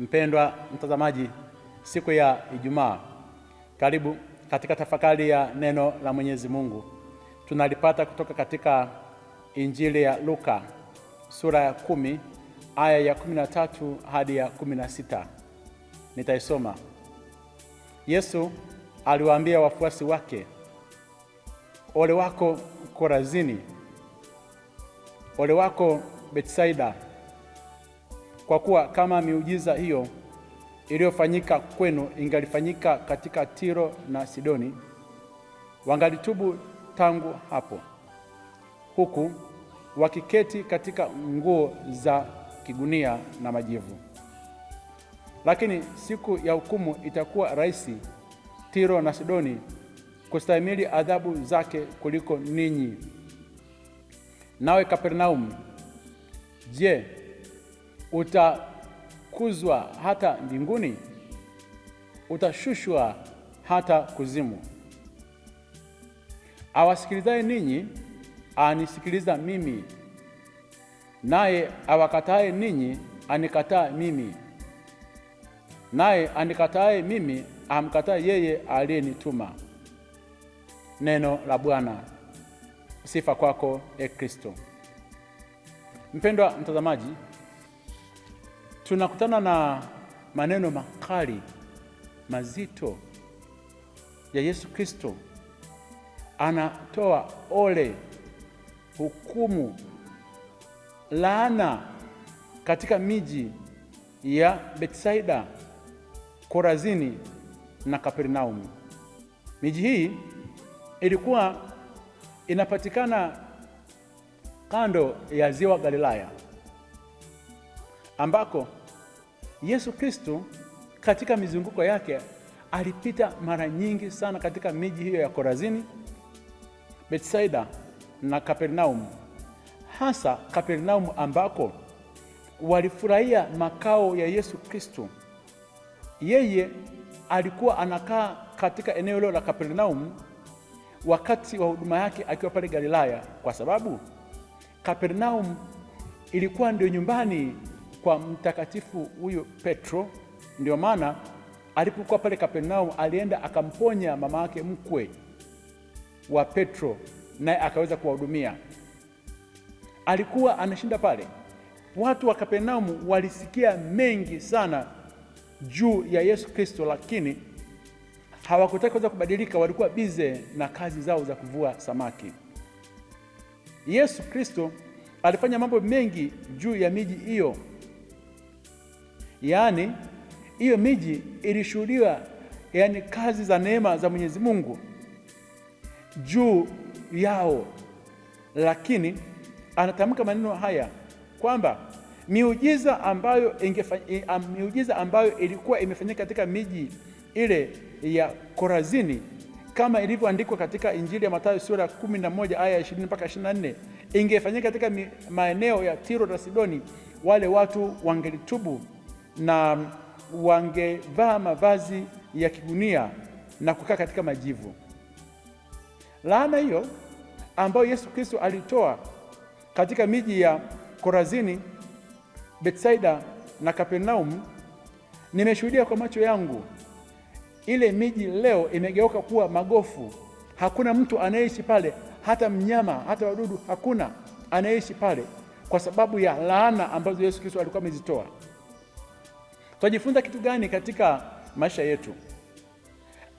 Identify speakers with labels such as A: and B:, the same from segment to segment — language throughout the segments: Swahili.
A: Mpendwa mtazamaji, siku ya Ijumaa, karibu katika tafakari ya neno la Mwenyezi Mungu. Tunalipata kutoka katika Injili ya Luka sura ya kumi aya ya kumi na tatu hadi ya kumi na sita. Nitaisoma. Yesu aliwaambia wafuasi wake, ole wako Korazini, ole wako Betsaida kwa kuwa kama miujiza hiyo iliyofanyika kwenu ingalifanyika katika Tiro na Sidoni, wangalitubu tangu hapo, huku wakiketi katika nguo za kigunia na majivu. Lakini siku ya hukumu itakuwa rahisi Tiro na Sidoni kustahimili adhabu zake kuliko ninyi. Nawe kapernaum je, utakuzwa hata mbinguni, utashushwa hata kuzimu. Awasikilizaye ninyi anisikiliza mimi, naye awakataye ninyi anikataa mimi, naye anikataye mimi amkataa yeye aliyenituma. Neno la Bwana. Sifa kwako, E Kristo. Mpendwa mtazamaji tunakutana na maneno makali mazito ya Yesu Kristo. Anatoa ole, hukumu, laana katika miji ya Betsaida, Korazini na Kapernaumu. Miji hii ilikuwa inapatikana kando ya ziwa Galilaya ambako Yesu Kristo katika mizunguko yake alipita mara nyingi sana katika miji hiyo ya Korazini, Betsaida na Kapernaum, hasa Kapernaum ambako walifurahia makao ya Yesu Kristo. Yeye alikuwa anakaa katika eneo hilo la Kapernaum wakati wa huduma yake akiwa pale Galilaya, kwa sababu Kapernaum ilikuwa ndio nyumbani kwa mtakatifu huyu Petro. Ndio maana alipokuwa pale Kapernaum alienda akamponya mama yake mkwe wa Petro, naye akaweza kuwahudumia. Alikuwa anashinda pale. Watu wa Kapernaum walisikia mengi sana juu ya Yesu Kristo, lakini hawakutaka kuweza kubadilika. Walikuwa bize na kazi zao za kuvua samaki. Yesu Kristo alifanya mambo mengi juu ya miji hiyo Yaani hiyo miji ilishuhudiwa, yaani kazi za neema za Mwenyezi Mungu juu yao, lakini anatamka maneno haya kwamba miujiza ambayo, ingefanya miujiza ambayo ilikuwa imefanyika katika miji ile ya Korazini kama ilivyoandikwa katika Injili ya Mathayo sura ya 11 aya 20 mpaka 24, ingefanyika katika maeneo ya Tiro na Sidoni, wale watu wangelitubu na wangevaa mavazi ya kigunia na kukaa katika majivu. Laana hiyo ambayo Yesu Kristo alitoa katika miji ya Korazini, Betsaida na Kapernaum, nimeshuhudia kwa macho yangu. Ile miji leo imegeuka kuwa magofu. Hakuna mtu anayeishi pale, hata mnyama, hata wadudu, hakuna anayeishi pale kwa sababu ya laana ambazo Yesu Kristo alikuwa amezitoa. Tutajifunza kitu gani katika maisha yetu?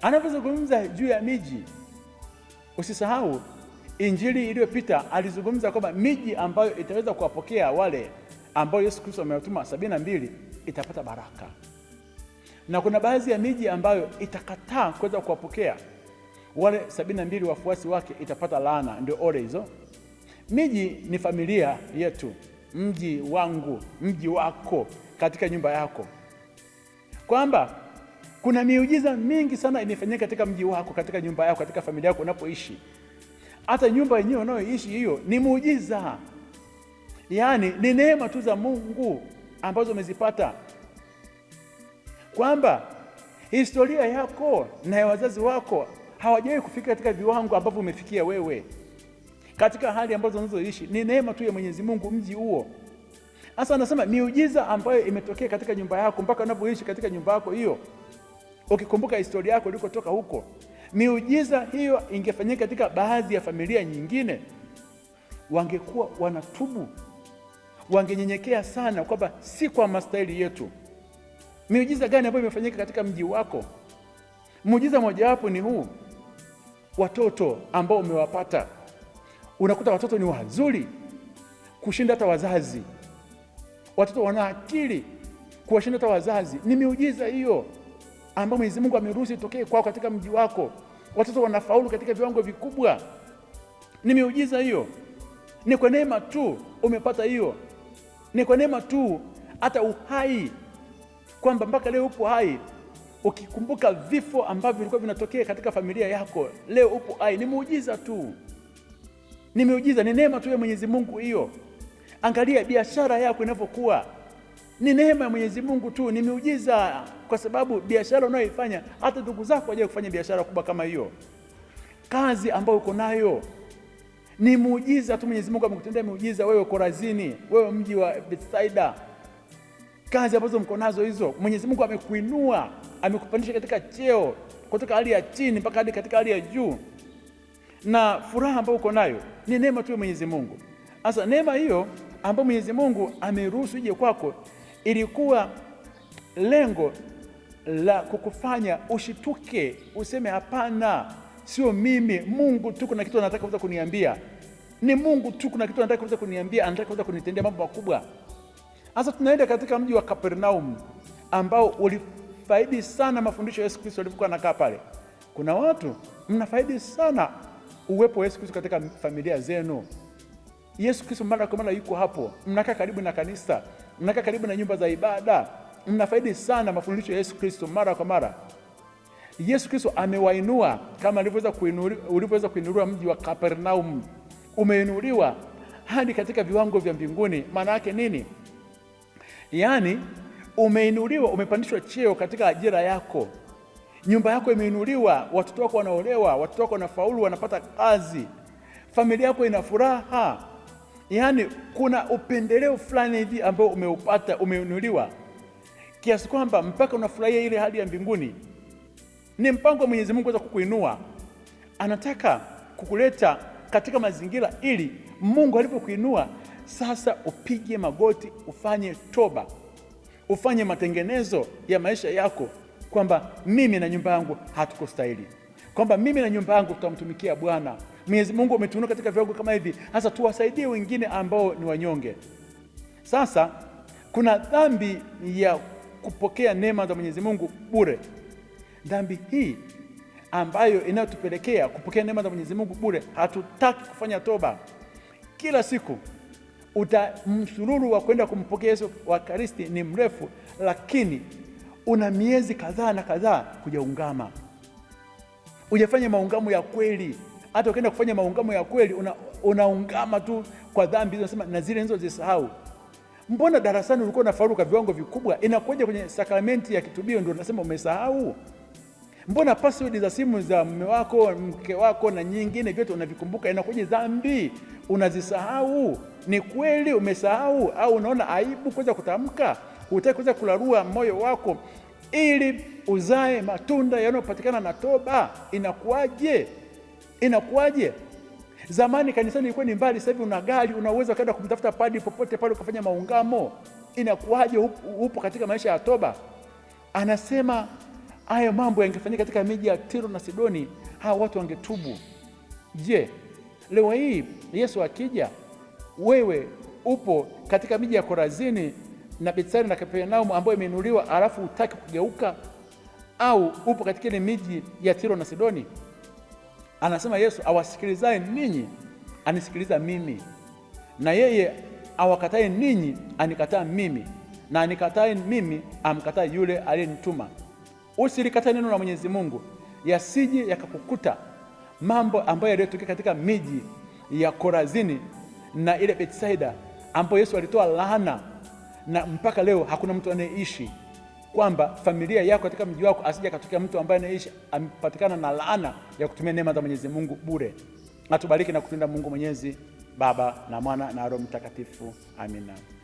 A: Anapozungumza juu ya miji, usisahau injili iliyopita alizungumza kwamba miji ambayo itaweza kuwapokea wale ambao Yesu Kristo amewatuma sabini na mbili itapata baraka, na kuna baadhi ya miji ambayo itakataa kuweza kuwapokea wale sabini na mbili wafuasi wake itapata laana. Ndio ole hizo. Miji ni familia yetu, mji wangu, mji wako, katika nyumba yako kwamba kuna miujiza mingi sana imefanyika katika mji wako, katika nyumba yako, katika familia yako unapoishi. Hata nyumba yenyewe unayoishi hiyo ni muujiza, yaani ni neema tu za Mungu ambazo umezipata, kwamba historia yako na ya wazazi wako hawajawahi kufika katika viwango ambavyo umefikia wewe, katika hali ambazo unazoishi ni neema tu ya Mwenyezi Mungu mji huo sasa anasema miujiza ambayo imetokea katika nyumba yako mpaka unapoishi katika nyumba yako hiyo, ukikumbuka historia yako ilikotoka huko, miujiza hiyo ingefanyika katika baadhi ya familia nyingine, wangekuwa wanatubu, wangenyenyekea sana, kwamba si kwa mastahili yetu. Miujiza gani ambayo imefanyika katika mji wako? Muujiza mojawapo ni huu, watoto ambao umewapata. Unakuta watoto ni wazuri kushinda hata wazazi watoto wana akili kuwashinda hata wazazi. Ni miujiza hiyo ambayo Mwenyezi Mungu ameruhusu itokee kwao katika mji wako. Watoto wanafaulu katika viwango vikubwa, ni miujiza hiyo. Ni kwa neema tu umepata hiyo, ni kwa neema tu hata uhai, kwamba mpaka leo upo hai. Ukikumbuka vifo ambavyo vilikuwa vinatokea katika familia yako, leo upo hai, ni muujiza tu, ni miujiza, ni neema tu ya Mwenyezi Mungu hiyo. Angalia biashara yako inavyokuwa, ni neema ya Mwenyezi Mungu tu, ni miujiza, kwa sababu biashara unayoifanya hata ndugu zako waje kufanya biashara kubwa kama hiyo. Kazi ambayo uko nayo ni muujiza tu, Mwenyezi Mungu amekutendea miujiza. Wewe Korazini, wewe mji wa Bethsaida, kazi ambazo mko nazo hizo, Mwenyezi Mungu amekuinua, amekupandisha katika cheo, kutoka hali ya chini mpaka hadi katika hali ya juu, na furaha ambayo uko nayo ni neema tu ya Mwenyezi Mungu. Sasa neema hiyo ambayo Mwenyezi Mungu ameruhusu ije kwako, ilikuwa lengo la kukufanya ushituke, useme hapana, sio mimi. Mungu tu kuna kitu anataka kuweza kuniambia, ni Mungu tu kuna kitu anataka kuweza kuniambia, anataka kuweza kunitendea mambo makubwa. Sasa tunaenda katika mji wa Kapernaum ambao ulifaidi sana mafundisho ya Yesu Kristo alivyokuwa anakaa pale. Kuna watu mnafaidi sana uwepo wa Yesu Kristo katika familia zenu. Yesu Kristo mara kwa mara yuko hapo, mnakaa karibu na kanisa, mnakaa karibu na nyumba za ibada, mnafaidi sana mafundisho ya Yesu Kristo mara kwa mara. Yesu Kristo amewainua kama ulivyoweza kuinuliwa mji wa Kapernaum, umeinuliwa hadi katika viwango vya mbinguni. Maana yake nini? Yaani umeinuliwa, umepandishwa cheo katika ajira yako, nyumba yako imeinuliwa, watoto wako wanaolewa, watoto wako wanafaulu, wanapata kazi, familia yako ina furaha yaani kuna upendeleo fulani hivi ambao umeupata, umeinuliwa kiasi kwamba mpaka unafurahia ile hali ya mbinguni. Ni mpango wa Mwenyezi Mungu kuweza kukuinua, anataka kukuleta katika mazingira ili Mungu alipokuinua sasa upige magoti, ufanye toba, ufanye matengenezo ya maisha yako, kwamba mimi na nyumba yangu hatukustahili, kwamba mimi na nyumba yangu tutamtumikia Bwana. Mwenyezi Mungu umetuinua katika viwango kama hivi, sasa tuwasaidie wengine ambao ni wanyonge. Sasa kuna dhambi ya kupokea neema za Mwenyezi Mungu bure. Dhambi hii ambayo inayotupelekea kupokea neema za Mwenyezi Mungu bure, hatutaki kufanya toba. Kila siku uta msururu wa kwenda kumpokea Yesu wa Kristo ni mrefu, lakini una miezi kadhaa na kadhaa kujaungama, ujafanya maungamo ya kweli hata ukienda kufanya maungamo ya kweli una, unaungama tu kwa dhambi hizo, nasema na zile nizo zisahau. Mbona darasani ulikuwa unafaulu kwa viwango vikubwa, inakuja kwenye sakramenti ya kitubio ndio unasema umesahau? Mbona password za simu za mume wako mke wako na nyingine vyote unavikumbuka, inakuja dhambi unazisahau? Ni kweli umesahau, au unaona aibu kuweza kutamka, hutaki kuweza kularua moyo wako ili uzae matunda yanayopatikana na toba? Inakuwaje? Inakuwaje? Zamani kanisani ilikuwa ni mbali, sasa hivi una gari, unaweza ukaenda kumtafuta padi popote pale ukafanya maungamo. Inakuwaje upo katika maisha ya toba? Anasema haya mambo yangefanyika katika miji ya Tiro na Sidoni, hawa watu wangetubu. Je, leo hii Yesu akija, wewe upo katika miji ya Korazini na betsari na Kapernaum ambayo imeinuliwa, alafu utaki kugeuka? Au upo katika ile miji ya Tiro na Sidoni? Anasema Yesu, awasikilizaye ninyi anisikiliza mimi, na yeye awakatae ninyi anikataa mimi, na anikatae mimi amkatae yule aliyenituma. Usilikatae neno la Mwenyezi Mungu, yasije yakakukuta mambo ambayo yaliyotokea katika miji ya Korazini na ile Betsaida ambapo Yesu alitoa laana na mpaka leo hakuna mtu anayeishi kwamba familia yako katika mji wako asije katokea mtu ambaye anaishi amepatikana na laana ya kutumia neema za Mwenyezi Mungu bure. Atubariki na kupenda Mungu Mwenyezi Baba na Mwana na Roho Mtakatifu. Amina.